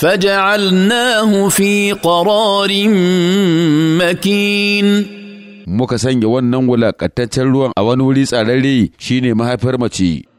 فجعلناه في قرار مكين muka sanya wannan wulaƙataccen ruwan a wani wuri tsararre shine mahaifar mace